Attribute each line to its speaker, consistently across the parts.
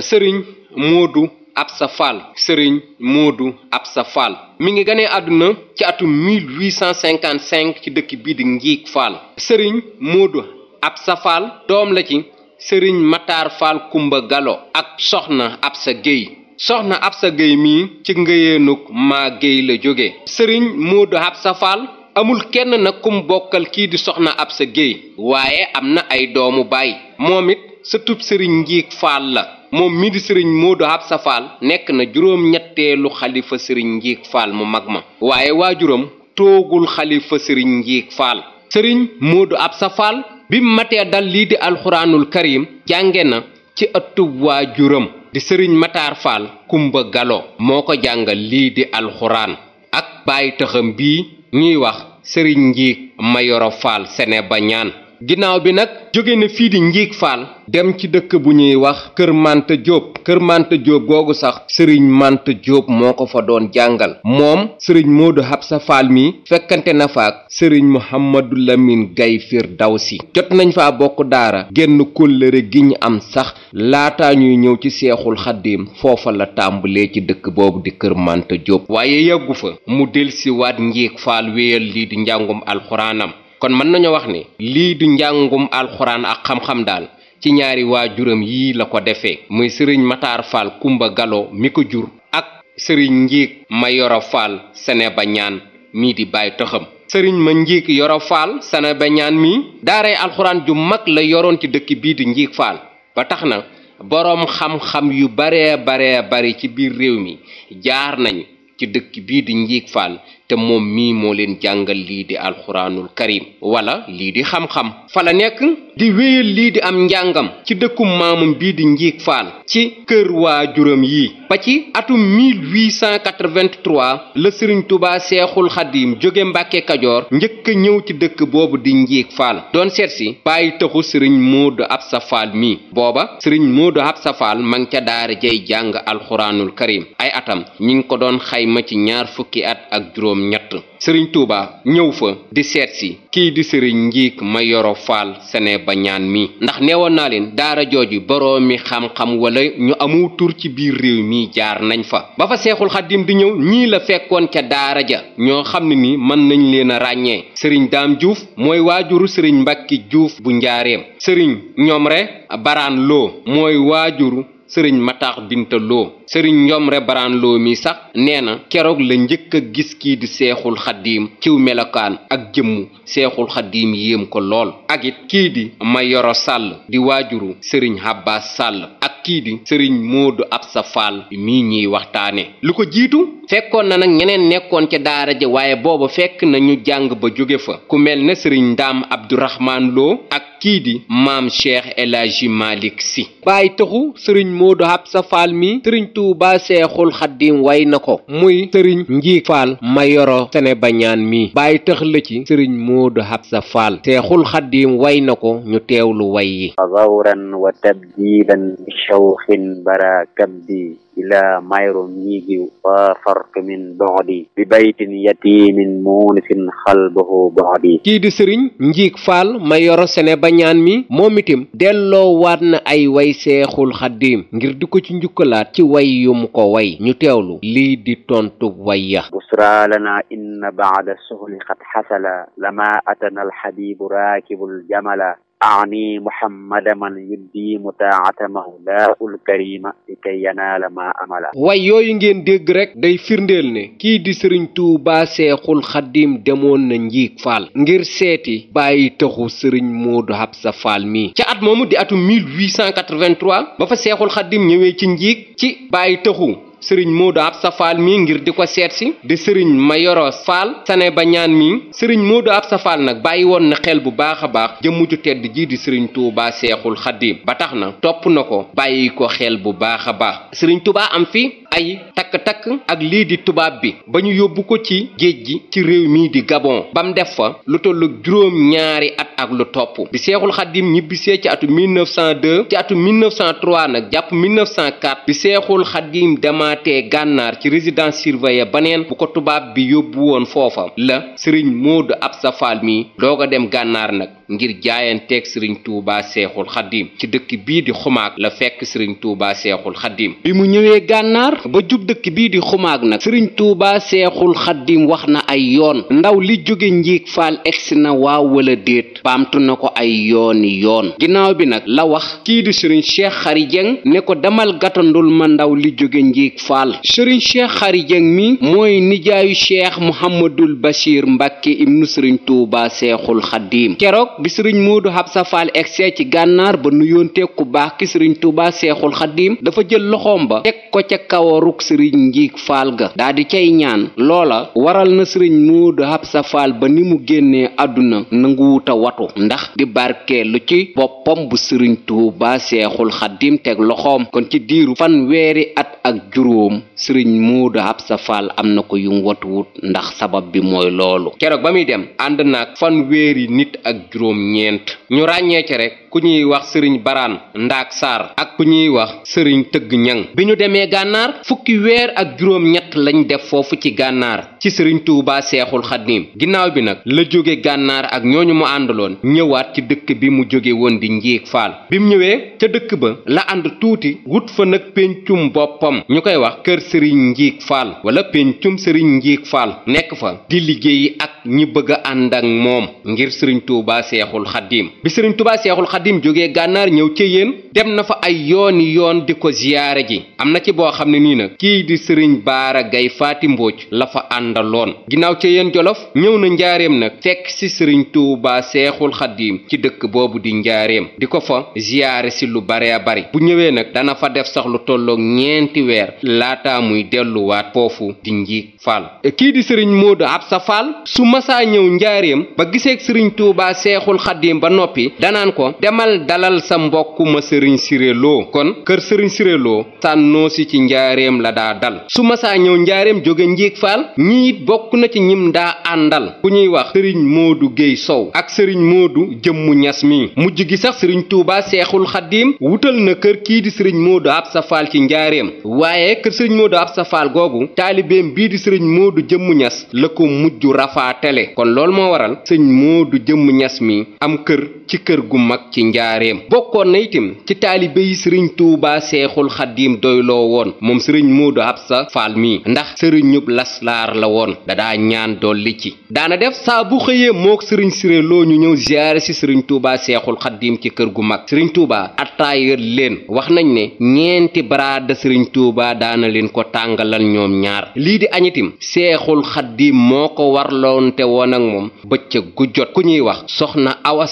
Speaker 1: sëriñ Modou Absa Fall sëriñ Modou sa Fall mi ngi ganee àdduna ci atum 1855 ci dëkk bii di Ngiig Fall sëriñ Modou Absa Fall doom la ci sëriñ Matar Fall Kumba Galo ak soxna Absa Gueye soxna sa Gueye mii ci ngëyeenuk maa Gueye la jóge sëriñ Modou Absa Fall amul kenn nag kum bokkal kii di soxna Absa Gueye waaye am na ay doomu baay moom it sëtub sëriñ Ngiig Fall la moom mii di sëriñ Modou Absa Fall nekk na juróom-ñetteelu xalifa sëriñ Njiig Fall mu mag ma waaye waajuram toogul xalifa sëriñ Njiig Fall sëriñ Modou Absa Fall bi matee dal lii di alxuraanul karim jànge na ci ëttub waajuram di sëriñ Mataar Fall Kumba Galo moo ko jàngal lii di alxuraan ak bàyyi taxam bii ñuy wax sëriñ Njiig Mayoro Fall sene ba ñaan ginnaaw bi nag jóge na fii di njiig faal dem ci dëkk bu ñuy wax kër manta jóob kër manta jóob googu sax sëriñ manta jóob moo ko fa doon jàngal moom sëriñ moodu habsa faal mi fekkante na fa ak sëriñ muhammadu lamin gay firdawsi jot nañ fa bokk daara génn kóllëre gi ñu am sax laata ñuy ñëw ci seexul xaddiim foofa la tàmbalee ci dëkk boobu di kër manta jóob waaye yàggu fa mu waat njiig faal wéyal lii di njàngum alxuraanam kon mën nañu wax ni lii du njàngum alxuraan ak xam-xam daal ci ñaari waajuram yii la ko defee muy sëriñ Matar Fall Kumba Gallo mi ko jur ak sëriñ njiig ma yoro Fall sene ba mii di bàyyi taxam sëriñ ma njiig yoro Fall sene bañaan ñaan mii daaray alxuraan ju mag la yoroon ci dëkk bii di njiig Fall ba tax na boroom xam-xam yu bare baree bari ci biir réew mi jaar nañ ci dëkk bii di njiig Fall te moom mii moo leen jàngal lii di alxuraanul karim wala lii di xam-xam fa la nekk di wéyal lii di am njàngam ci dëkku maamam bii di njiig faal ci kër juróom yi ba ci atum 1883 la sëriñ tubaa seexul xadiim jóge mbàkke kajoor njëkk a ñëw ci dëkk boobu di njiig faal doon seet si bàyyi taxu sëriñ moodu absa faal mi booba sëriñ moodu absa faal ma ngi ca daara jay jàng alxuraanul karim ay atam ñu ngi ko doon xayma ci ñaar fukki at ak juróom ñett sëriñ Touba ñëw fa di seetsi kii di sëriñ Njiig ma yoro Fall Sene Bañaan mi ndax neewoon naa leen daara jooju boroomi xam-xam wala ñu amul tur ci biir réew mi jaar nañ fa ba fa seexul xaddim di ñëw ñii la fekkoon ca daara ja ñoo xam ne ni mën nañ leen a ràññee sëriñ Daam Juuf mooy waajuru sëriñ Mbàkki Juuf bu njaareem sëriñ ñoom baraan loo mooy waajuru sëriñ Mataax Binta loo sëriñ njomre baraan loo mi sax nee na keroog la njëkk a gis kii di seexul xaddiim kiw melokaan ak jëmmu seexul xaddiim yéem ko lool ak it kii di yoro Sàll di waajuru sëriñ Abbas Sàll ak kii di sëriñ Moodu sa Fall mii ñuy waxtaane lu ko jiitu fekkoon na nag ñeneen nekkoon ca daara ja waaye booba fekk nañu jàng ba jóge fa ku mel ne sëriñ Ndaam Abdourahman Lo ak kii di maam Cheikh El Hadji Malick Sy bàyyi taxu sëriñ Moodu Absa Fall mi sëriñ Tuubaa Seexul Xaddiim way na ko muy sëriñ Njiig Faal ma yoro Bañaan mi bàyyi tëx la ci sëriñ Moodu Habsa Faal Seexul Xaddiim way na ko ñu teew lu way yi fawran wa tabdiilan shawxin bara kabdi إلى ما يرميه وفرق من بعدي ببيت يتيم مونس قلبه بعدي kii di Serigne Njiig Fall ma yoro sene ba ñaan mi moom itam delloo waat na ay way seexul xaddiim ngir di ko ci njukkalaat ci way yu mu ko way ñu teewlu lii di tontu way ya busra lana inna baada suhli qad xasala lama atana alxabibu raakibul jamala أعني محمد من يدي متاعة مولاه الكريم لكي ينال ما أملا way yooyu ngeen dégg rek day firndeel ne kii di sëriñ Tuubaa Seexul Xaddiim demoon na Njiig Faal ngir seeti bàyyi taxu sëriñ Moodu sa Faal mii ca at moomu di atum 1883 ba fa Seexul Xaddiim ñëwee ci Njiig ci bàyyi taxu sëriñ Modou Absa Fall mi ngir di ko seet si di sëriñ Mayoro Fall sane ba ñaan mi sëriñ Modou Absa Fall nag bàyyi woon na xel bu baax a baax jëmm ju tedd jii di sëriñ Touba Seexul Xaddiim ba tax na topp na ko bàyyi ko xel bu baax a baax sëriñ Touba am fi ay takk-takk ak lii di tubaab bi ba ñu yóbbu ko ci géej gi ci réew mii di Gabon ba mu def fa lu tollu juróom ñaari at ak lu topp bi Seexul Xaddiim ñibbisee ci atu 1902 ci atu 1903 nag jàpp 1904 bi Seexul Xaddiim demaat arrêté gànnaar ci résidence surveillée baneen bu ko tubaab bi yóbbu woon foofa la sëriñ Modou ab Fall mi doo ko dem gànnaar nag ngir jaayanteeg sëriñ Touba Seexul Xaddiim ci dëkk bii di xumaag la fekk sëriñ Touba Seexul Xaddiim bi mu ñëwee gànnaar ba jub dëkk bii di xumaag nag sëriñ Touba Seexul Xaddiim wax na ay yoon ndaw li jóge njiig faal egsi na waaw wala déet baamtu na ko ay yooni yoon ginnaaw bi nag la wax kii di sëriñ Cheikh Khary ne ko demal gatandul ma ndaw li jóge njiig faal sëriñ Cheikh Khary mi mooy nijaayu Cheikh Mouhamadul Bachir Mbacke ibnu sëriñ tuuba Seexul Xaddiim keroog bi sëriñ Modou Absa Fall egsee ci gànnaar ba nuyoonteeg ku baax ki sëriñ Touba Seexul Xaddiim dafa jël loxoom ba teg ko ca kawaruk sëriñ Njiig Fall ga daa di cay ñaan loola waral na sëriñ Modou Absa Fall ba ni mu génnee àdduna nanguwuta watu ndax di barke lu ci boppam bu sëriñ Touba Seexul Xaddiim teg loxoom kon ci diiru fan weeri at ak juróom sëriñ Modou Absa Fall am na ko yum watuwut ndax sabab bi mooy loolu keroog ba muy dem ànd naag ak juróom juróom ñeent ñu ràññee ci ku ñuy wax sëriñ baraan ndaak sar ak ku ñuy wax sëriñ tëgg ñang bi ñu demee gànnaar fukki weer ak juróom-ñett lañ def foofu ci gànnaar ci sëriñ tuubaa seexul xaddiim ginnaaw bi nag la jóge gànnaar ak ñooñu mu àndaloon ñëwaat ci dëkk bi mu jóge woon di njiig faal bi mu ñëwee ca dëkk ba la ànd tuuti wut fa nag péncum boppam ñu koy wax kër sëriñ njiig faal wala péncum sëriñ njiig faal nekk fa di liggéey ak ñi bëgg a ànd ak moom ngir sëriñ tuubaa seexul xaddiim bi sëriñ tubaa seexul xadim jógee gànnaar ñëw ci yéen dem na fa ay yooni yoon di ko ziyaare ji am na ci boo xam ne nii nag kii di sëriñ baara gay faati mbóoj la fa àndaloon ginnaaw ci yéen jolof ñëw na njaareem nag fekk si sëriñ tuubaa seexul xadim ci dëkk boobu di njaareem di ko fa ziyaare si lu bare a bari bu ñëwee nag dana fa def sax lu tollook ñeenti weer laata muy delluwaat foofu di njiig faal e kii di sëriñ moodu absa faal su masaa ñëw njaareem noppi danaan ko demal dalal sa mbokk ma sëriñ Siré Lo kon kër sëriñ Siré Lo sànnoo si ci njaareem la daa dal su masaa ñëw njaareem jóge njiig faal ñii bokk na ci ñim daa àndal ku ñuy wax sëriñ Modou Guèye Sow ak sëriñ du jëmmu ñas mi mujj gi sax sëriñ Touba Seexul Xaddiim wutal na kër kii di sëriñ Modou Absa Fall ci njaareem waaye kër sëriñ Modou Absa Fall googu taalibeem bii di sëriñ Modou jëmmu ñas la ko mujj rafaatale kon loolu moo ci kër gu mag ci njaareem bokkoon na itam ci taalibe yi sëriñ tuubaa seexul xaddiim doyloo woon moom sëriñ Moodu Absa Faal mi ndax sëriñub laslaar la woon dadaa ñaan dolli ci daana def saabu bu xëyee mook sëriñ Siré Lo ñu ñëw ziyaare si sëriñ tuubaa seexul xaddiim ci kër gu mag sëriñ tuubaa attaayal leen wax nañ ne ñeenti baraada sëriñ tuubaa daana leen ko tàngalal ñoom ñaar lii di añitim seexul xaddiim moo ko warloonte woon ak moom bëccëg gu jot ku ñuy wax soxna Awa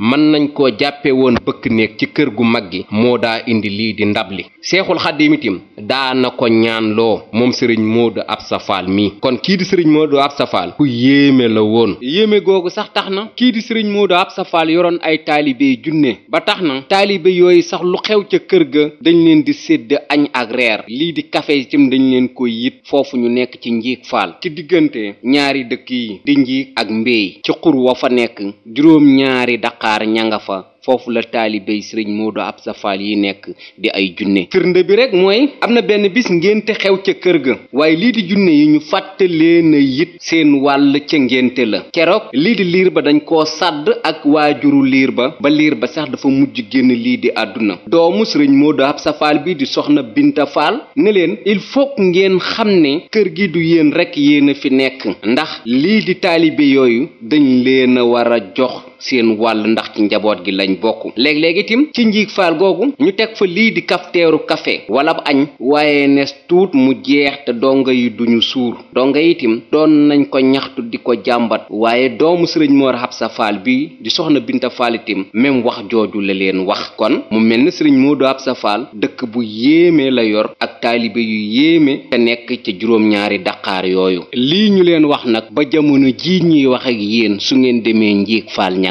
Speaker 1: mën nañ koo jàppe woon bëkk néeg ci kër gu mag gi moo daa indi lii di ndab li seexul xaddim itim daa na ko ñaanloo moom sëriñ Modou Absa Fall mii kon kii di sëriñ Modou Absa Fall ku yéeme la woon yéeme googu sax tax na kii di sëriñ Modou Absa Fall yoroon ay taalibe junne ba tax na taalibe yooyu sax lu xew ca kër ga dañ leen di sedd añ ak reer lii di kafe itam dañ leen ko yit foofu ñu nekk ci njiig faal ci diggante ñaari dëkk yi di njiig ak mbéy ci xur fa nekk juróom ñaari Dakar ña fa foofu la taalibey sëriñ Modou Absa Fall yi nekk di ay junne firnde bi rek mooy am na benn bis ngénte xew ca kër ga waaye lii di junne yi ñu fàtte leen yit seen wàll ca ngénte la keroog lii di liir ba dañ koo sàdd ak waajuru liir ba ba liir ba sax dafa mujj génn lii di àdduna doomu sëriñ Modou Absa Fall bi di soxna Binta Fall ne leen il faut ngeen xam ne kër gi du yéen rek yéen a fi nekk ndax lii di taalibe yooyu dañ leen a war a jox seen wàll ndax ci njaboot gi lañu bokk léeg-léeg itim ci njiig faal googu ñu teg fa lii di kafteeru kafe wala ab añ waaye nees tuut mu jeex te donga yi duñu suur donga itim doon nañ ko ñaxtu di ko jàmbat waaye doomu sëriñ Mor Absa Faal bi di soxna Binta Faal itim même wax jooju la leen wax kon mu mel ni sëriñ Modou Absa Faal dëkk bu yéeme la yor ak taalibe yu yéeme te nekk ci juróom-ñaari daqaar yooyu lii ñu leen wax nag ba jamono jii ñuy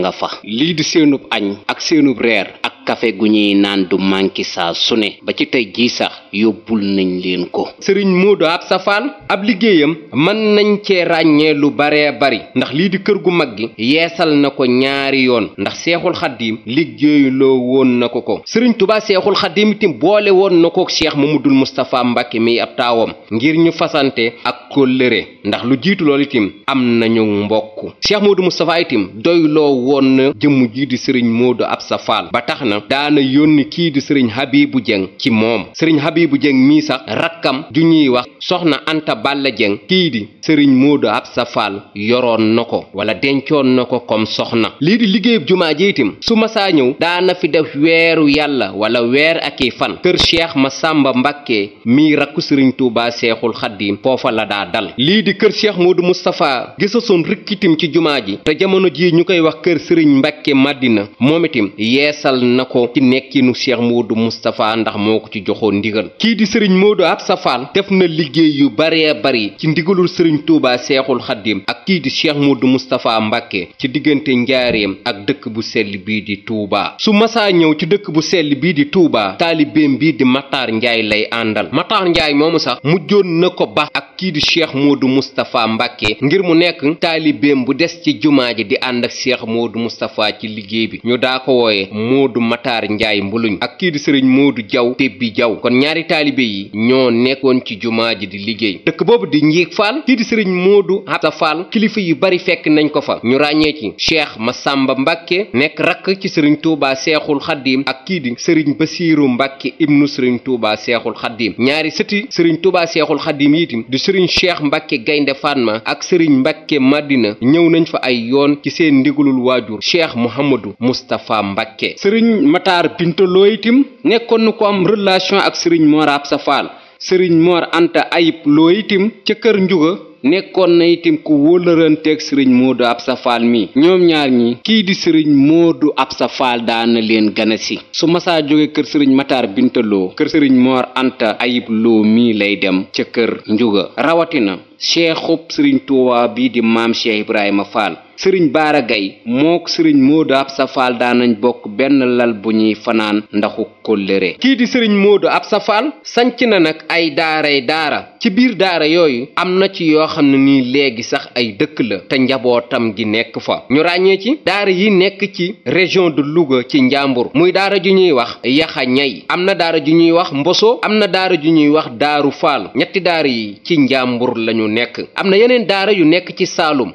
Speaker 1: nga fa lii di seenub añ ak seenub reer ak kafe gu ñuy naan du manki saa su ne ba ci tey jii sax yóbbul nañ leen ko sëriñ Moodu Absa Fall ab liggéeyam mën nañ cee ràññee lu baree bari ndax lii di kër gu mag gi yeesal na ko ñaari yoon ndax seexul xaddiim liggéeyuloo woon na ko ko sëriñ tubaa seexul xaddiim itam boole woon na ko Cheikh Mamadul Moustapha Mbàkke mi ab taawam ngir ñu fasante ak kóllëre ndax lu jiitu loolu itam am nañu mbokk Cheikh Mamadou Moustapha itam doyloo woon na jëmm ji sëriñ Moodu na daana yónni kii di sëriñ Habibou Dieng ci moom sëriñ Habibou Dieng mii sax rakkam ju ñuy wax soxna Anta Balla Dieng kii di sëriñ Modou Absa Fall yoroon na ko wala dencoon na ko comme soxna lii di liggéeyub jumaa ji itam su masaa ñëw daana fi def weeru yàlla wala weer ak i fan kër Cheikh Massamba Mbacké mii rakku sëriñ Touba Seexul Xaddim foofa la daa dal lii di kër Cheikh Modou Moustapha gisasoon rikkitim ci jumaa ji te jamono ji ñu koy wax kër sëriñ ko ci nekkinu Cheikh Modou Moustapha ndax moo ko ci joxoon ndigal kii di sëriñ Modou Absa Fall def na liggéey yu baree bari ci ndigalul sëriñ Touba Seexul Xaddim ak kii di Cheikh Modou Moustapha Mbacke ci diggante njaareem ak dëkk bu sell bii di Touba su masaa ñëw ci dëkk bu sell bii di Touba taalibeem bii di Matar Ndiaye lay àndal Matar Ndiaye moomu sax mujjoon na ko baax kii di cheikh Modou Moustapha Mbacke ngir mu nekk taalibeem bu des ci jumaa ji di ànd ak cheikh Modou Moustapha ci liggéey bi ñu daa ko wooye Modou Matar Ndiaye mbuluñ ak kii di sëriñ Modou Diaw Tebbi jaw kon ñaari taalibe yi ñoo nekkoon ci jumaa ji di liggéey dëkk boobu di Njiig Faal kii di sëriñ Modou Absa Faal kilifa yu bari fekk nañ ko fa ñu ràññee ci cheikh Massamba Mbacke nekk rakk ci sëriñ Touba Seexul Xaddiim ak kii di sëriñ Basiiru Mbacke ibnu sëriñ Touba Seexul Xaddiim ñaari sëti sëriñ Touba Seexul Xaddiim sëriñ cheikh mbàkke gaynde fatma ak sëriñ mbàkke madina ñëw nañ fa ay yoon ci seen ndigalul waajur cheikh mouhamadou moustapha mbàkke sëriñ mataar pintaloo itim nekkoon na ko am relation ak sëriñ mor absa fall sëriñ mor anta ayib loo itim ca kër njuga nekkoon na itim ku wóolëranteeg sëriñ moodu absa faal mi ñoom ñaar ñi kii di sëriñ moodu absa faal daana leen gane si su masaa jógee kër sëriñ mataar bintaloo kër sëriñ moor anta ayib loo mii lay dem ca kër njuga rawatina seexub sëriñ tuuba bii di maam cheikh ibrahima faal sëriñ baara gay mook sëriñ moodu absa faal daanañ bokk benn lal bu ñuy fanaan ndaxu kóllëre kii di sëriñ moodu absa faal sanc na nag ay daaray daara ci biir daara yooyu am na ci yoo xam ne nii léegi sax ay dëkk la te njabootam gi nekk fa ñu ràññee ci daara yi nekk ci région de Louga ci Njàmbur muy daara ju ñuy wax yaxa ñay am na daara ju ñuy wax mboso am na daara ju ñuy wax daaru faal ñetti daara yi ci Njàmbur lañu nekk am na yeneen daara yu nekk ci Saalum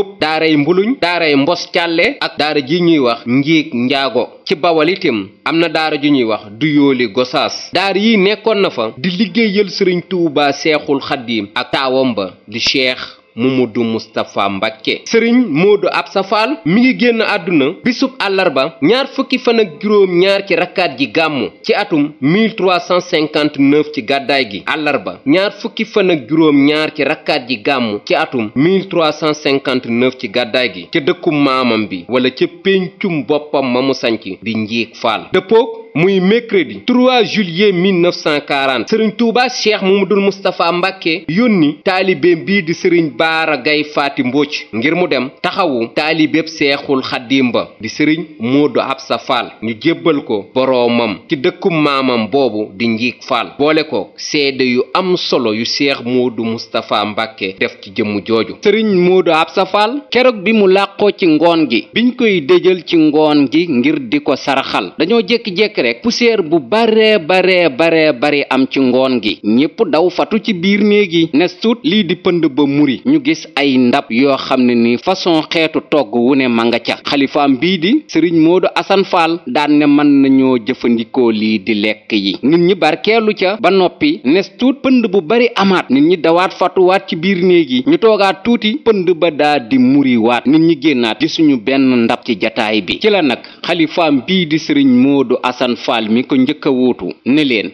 Speaker 1: Jóob daaray mbuluñ daaray mbos càlle ak daara ji ñuy wax njiig njaago ci bawal itam am na daara ju ñuy wax du yooli gosaas daara yi nekkoon na fa di liggéeyal sëriñ Tuubaa seexul xaddiim ak taawam di cheikh Mamadou Moustapha Mbacke sëriñ Modou Absa Fall mi ngi génn àdduna bisub ba ñaar fukki fan ak juróom ñaar ci rakkaat ji gàmmu ci atum 1359 ci gàddaay gi ba ñaar fukki fan ak juróom ñaar ci rakkaat ji gàmmu ci atum 1359 ci gàddaay gi ca dëkku maamam bi wala ca péncum boppam ma mu sanc di njiig faal dëppook muy mercredi 3 juillet 1940 sëriñ Touba mu dul Moustapha Mbacke yónni taalibeem bii di sëriñ Baara Gaye Faati Mbocc ngir mu dem taxawu taalibeeb Seexul Xaddim ba di sëriñ Modou Absa Fall ñu jébbal ko boroomam ci dëkku maamam boobu di Njiig Fall boole ko seede yu am solo yu Cheikh Modou Moustapha Mbacke def ci jëmm jooju sëriñ Modou Absa Fall keroog bi mu làqoo ci ngoon gi biñ koy déjal ci ngoon gi ngir di ko saraxal dañoo jékki-jékki rek poussière bu bare bare bare bare am ci ngoon gi ñépp daw fatu ci biir néeg yi ne suut lii di pënd ba muri ñu gis ay ndab yoo xam ne ni façon xeetu togg wu ne manga ca xalifaam bii di sëriñ Modou Assane Fall daan ne mën nañoo jëfandikoo lii di lekk yi nit ñi barkeelu ca ba noppi ne suut pënd bu bari amaat nit ñi dawaat fatuwaat ci biir néeg yi ñu toogaat tuuti pënd ba daa di muri waat nit ñi génnaat gisuñu benn ndab ci jataay bi ci la nag xalifaam Assane Fall mi ko njëkk a wuutu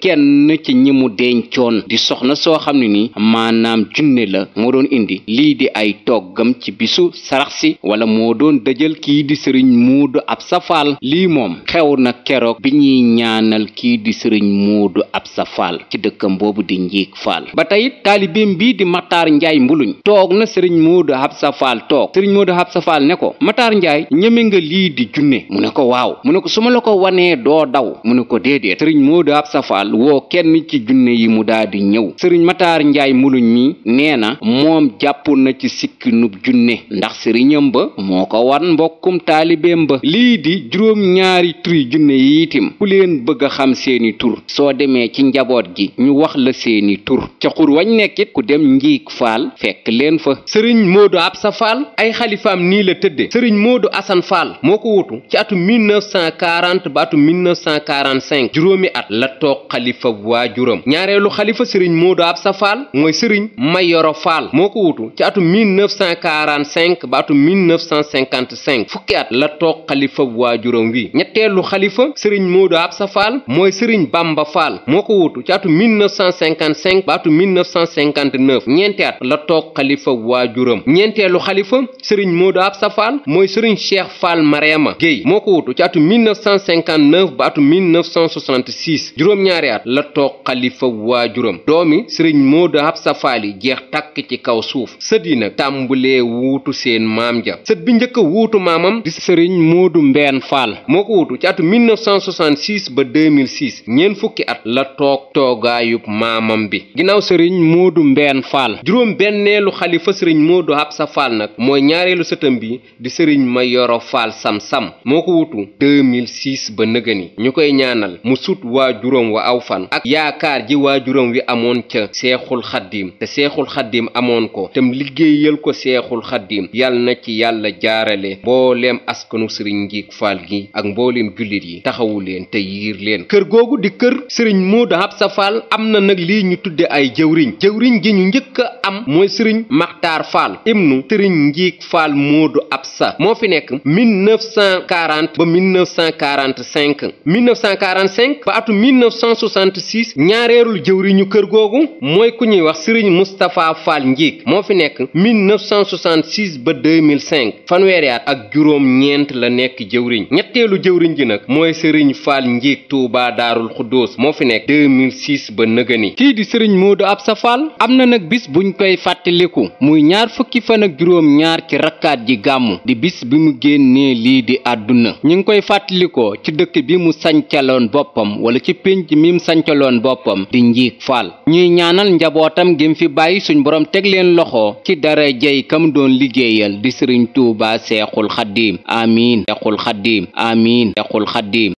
Speaker 1: kenn ci ñi mu dencoon di soxna soo xam ne nii maanaam junne la moo doon indi lii di ay toggam ci bisu sarax si wala moo doon dëjal kii di sëriñ muudu ab safaal lii moom xew na keroog bi ñuy ñaanal kii di sëriñ muudu ab safaal ci dëkkam boobu di njiig faal ba tey taalibeem bii di Matar Njaay mbuluñ toog na sëriñ muudu ab safaal toog sëriñ muudu ab safaal ne ko Matar Njaay ñeme nga lii di junne mu ne ko waaw mu gaaw mu ne ko déedéet sëriñ Modou Absa Fall woo kenn ci junne yi mu daa di ñëw sëriñ Mataar Njaay muluñ ñi nee na moom jàppoon na ci sikki nub junne ndax sëriñam ba moo ko wan mbokkum taalibeem ba lii di juróom ñaari turi junne yi itim ku leen bëgg a xam seeni tur soo demee ci njaboot gi ñu wax la seeni tur ca xur wañ nekkit ku dem njiig faal fekk leen fa sëriñ Modou Absa Fall ay xalifaam nii la tëdde sëriñ moodo Assane Fall moo ko wutu ci atu ba atu 1945 juróomi at la toog xalifa waajuram ñaareelu xalifa sëriñ Moodu Absa sa mooy sëriñ Mayoro Fall moo ko wutu ci atum 1945 ba atum 1955 fukki at la toog xalifa waajuram wi ñetteelu xalifa sëriñ Moodu Absa Fall mooy sëriñ Bamba Fall moo ko wutu ci atum 1955 ba atum 1959 ñeenti at la toog xalifa waajuram ñeenteelu xalifa sëriñ Moodu Absa Fall mooy sëriñ Cheikh Fall Mariama Guèye moo ko wutu ci atum ba atum 1966 juróom-ñaari at la toog xalifa waajuram doomi sëriñ Moodu Absa Faal yi jeex takk ci kaw suuf sët yi nag tàmbulee wuutu seen maam ja sët bi njëkk a wuutu maamam di sëriñ Moodu Mbeen Faal moo ko wuutu ci atu 1966 ba 2006 ñeent fukki at la toog toogaayub maamam bi ginnaaw sëriñ Moodu mbenn Faal juróom benneelu xalifa sëriñ Moodu Absa Faal nag mooy ñaareelu sëtam bi di sëriñ Mayoro Faal Sam Sam moo ko wuutu ba nëgëni ñu koy ñaanal mu sut waajuram wa aw fan ak yaakaar ji waajuram wi amoon ca seexul xaddiim te seexul xaddiim amoon ko tem liggéeyal ko seexul xaddiim yal na ci yàlla jaarale mbooleem askanu sëriñ njiig faal gi ak mboolem jullit yi taxawu leen te yiir leen kër googu di kër sëriñ Moodu Absa Faal am na nag li ñu tudde ay jëwriñ jëwriñ ji ñu njëkk a am mooy sëriñ Maxtaar Faal ibnu sëriñ njiig faal Moodu Absa moo fi nekk 1940 ba 1945 1945 ba atum 1966 ñaareelul jëwriñu kër googu mooy ku ñuy wax sëriñ Moustapha Fall Ndiig moo fi nekk 1966 ba 2005 fanweeri at ak juróom-ñeent la nekk jëwriñ ñetteelu jëwriñ ji nag mooy sëriñ Fall Ndiig Touba Daarul Xuddoos moo fi nekk 2006 ba nëgëni kii di sëriñ Modou sa Fall am na nag bis bu ñu koy fàttaliku muy ñaar fukki fan ak juróom-ñaar ci rakkaat ji gàmmu di bis bi mu génnee lii di àdduna ñu ngi koy fàttalikoo ci dëkk bi mu sancaloon boppam wala ci pénc mim sancaloon boppam di njiig faal ñuy ñaanal njabootam gim fi bàyyi suñ borom teg leen loxo ci dara jey kam doon liggéeyal di sëriñ tuuba seexul xaddiim amiin seexul xaddiim amiin seexul xaddiim